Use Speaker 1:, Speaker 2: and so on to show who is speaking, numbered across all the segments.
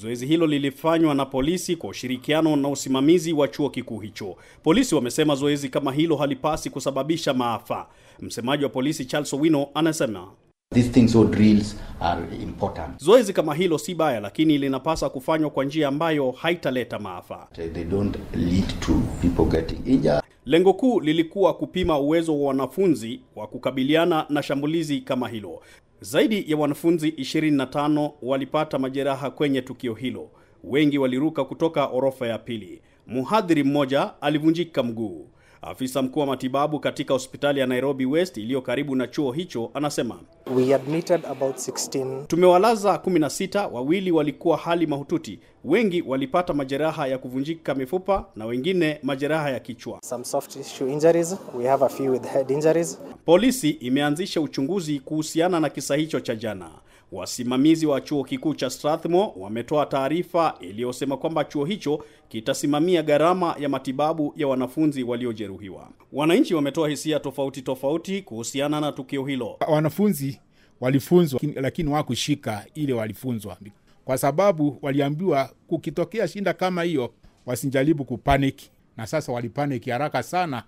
Speaker 1: Zoezi hilo lilifanywa na polisi kwa ushirikiano na usimamizi wa chuo kikuu hicho. Polisi wamesema zoezi kama hilo halipasi kusababisha maafa. Msemaji wa polisi Charles Owino anasema These things or drills are important. Zoezi kama hilo si baya, lakini linapasa kufanywa kwa njia ambayo haitaleta maafa. They don't lead to people getting injured. Lengo kuu lilikuwa kupima uwezo wa wanafunzi wa kukabiliana na shambulizi kama hilo. Zaidi ya wanafunzi 25 walipata majeraha kwenye tukio hilo. Wengi waliruka kutoka orofa ya pili. Mhadhiri mmoja alivunjika mguu. Afisa mkuu wa matibabu katika hospitali ya Nairobi West iliyo karibu na chuo hicho anasema We admitted about 16. Tumewalaza 16, wawili walikuwa hali mahututi, wengi walipata majeraha ya kuvunjika mifupa na wengine majeraha ya kichwa. Some soft tissue injuries. We have a few with head injuries. Polisi imeanzisha uchunguzi kuhusiana na kisa hicho cha jana. Wasimamizi wa chuo kikuu cha Strathmore wametoa taarifa iliyosema kwamba chuo hicho kitasimamia gharama ya matibabu ya wanafunzi waliojeruhiwa. Wananchi wametoa hisia tofauti tofauti kuhusiana na tukio hilo. Wanafunzi walifunzwa, lakini wakushika ile walifunzwa, kwa sababu waliambiwa kukitokea shinda kama hiyo wasijaribu kupaniki, na sasa walipaniki
Speaker 2: haraka sana,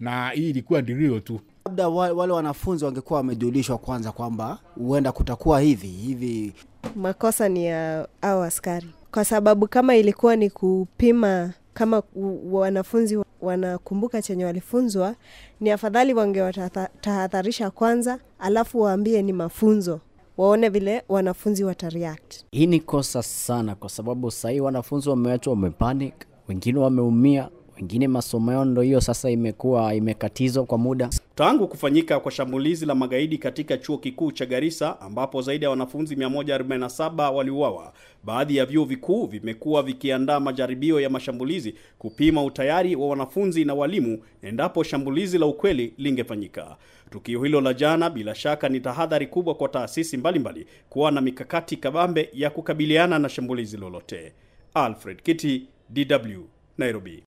Speaker 1: na hii ilikuwa ndirio tu. Labda wale wanafunzi wangekuwa wamejulishwa kwanza kwamba huenda kutakuwa hivi hivi.
Speaker 2: Makosa ni ya au askari, kwa sababu kama ilikuwa ni kupima kama wanafunzi wanakumbuka chenye walifunzwa, ni afadhali wangewatahadharisha kwanza, alafu waambie ni mafunzo waone vile wanafunzi watareact.
Speaker 1: Hii ni kosa sana, kwa sababu sahii wanafunzi wameachwa wamepanic, wengine wameumia, wengine masomo ndo hiyo sasa imekuwa imekatizwa kwa muda. Tangu kufanyika kwa shambulizi la magaidi katika chuo kikuu cha Garissa ambapo zaidi ya wanafunzi 147 waliuawa, baadhi ya vyuo vikuu vimekuwa vikiandaa majaribio ya mashambulizi kupima utayari wa wanafunzi na walimu endapo shambulizi la ukweli lingefanyika. Tukio hilo la jana bila shaka ni tahadhari kubwa kwa taasisi mbalimbali mbali kuwa na mikakati kabambe ya kukabiliana na shambulizi lolote. Alfred Kiti, DW, Nairobi.